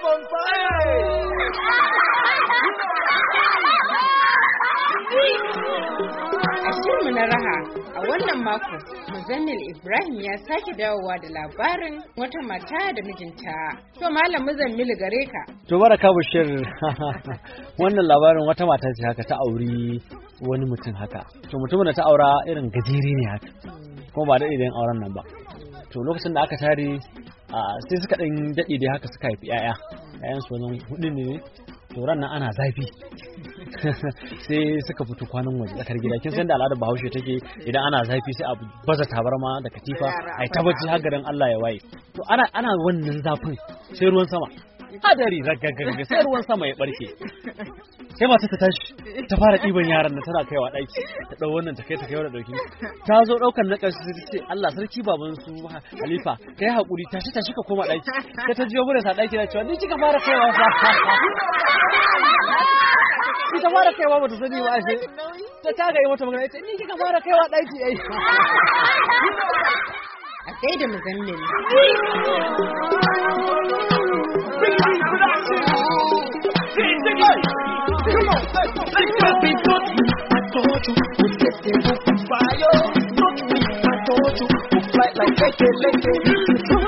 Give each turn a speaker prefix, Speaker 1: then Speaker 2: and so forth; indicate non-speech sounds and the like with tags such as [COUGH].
Speaker 1: up on fire! na raha a wannan mako Muzannil Ibrahim ya sake dawowa da labarin wata mata da mijinta. To Malam Muzammil gare ka. To baraka bushe, [LAUGHS] wannan labarin wata mata ce haka ta auri wani mutum haka. To mutumin da ta aura irin gajeri ne haka. Kuma ba da idan auren nan ba. To lokacin da aka tare Ah, sai suka ɗan daɗe dai haka suka haifi 'ya'ya 'ya'yan su wajen hudu ne to ran ana zafi [LAUGHS] sai suka fito kwanan waje tsakar gida kin san da al'adar bahaushe take idan ana zafi sai a baza tabarma da katifa ai tabbaci har garin Allah ya waye to ana ana wannan zafin sai ruwan sama hadari ragagagga sai ruwan sama ya barke sai mata ta tashi ta fara ɗiban yaran nan tana kaiwa ɗaki ta ɗau wannan ta kai ta kaiwa da ɗauki ta zo ɗaukan na ƙarshe sai ta ce Allah sarki baban su Halifa kai haƙuri tashi tashi ka koma ɗaki sai ta jiyo mura sa ɗaki na cewa ni kika fara kaiwa fa Ta fara kaiwa bata sani ba ashe ta taga yi mata magana ita ni kika fara kaiwa ɗaki ai a kai da muzammil come on, let's go. I told you, we set on fire. I told you, we like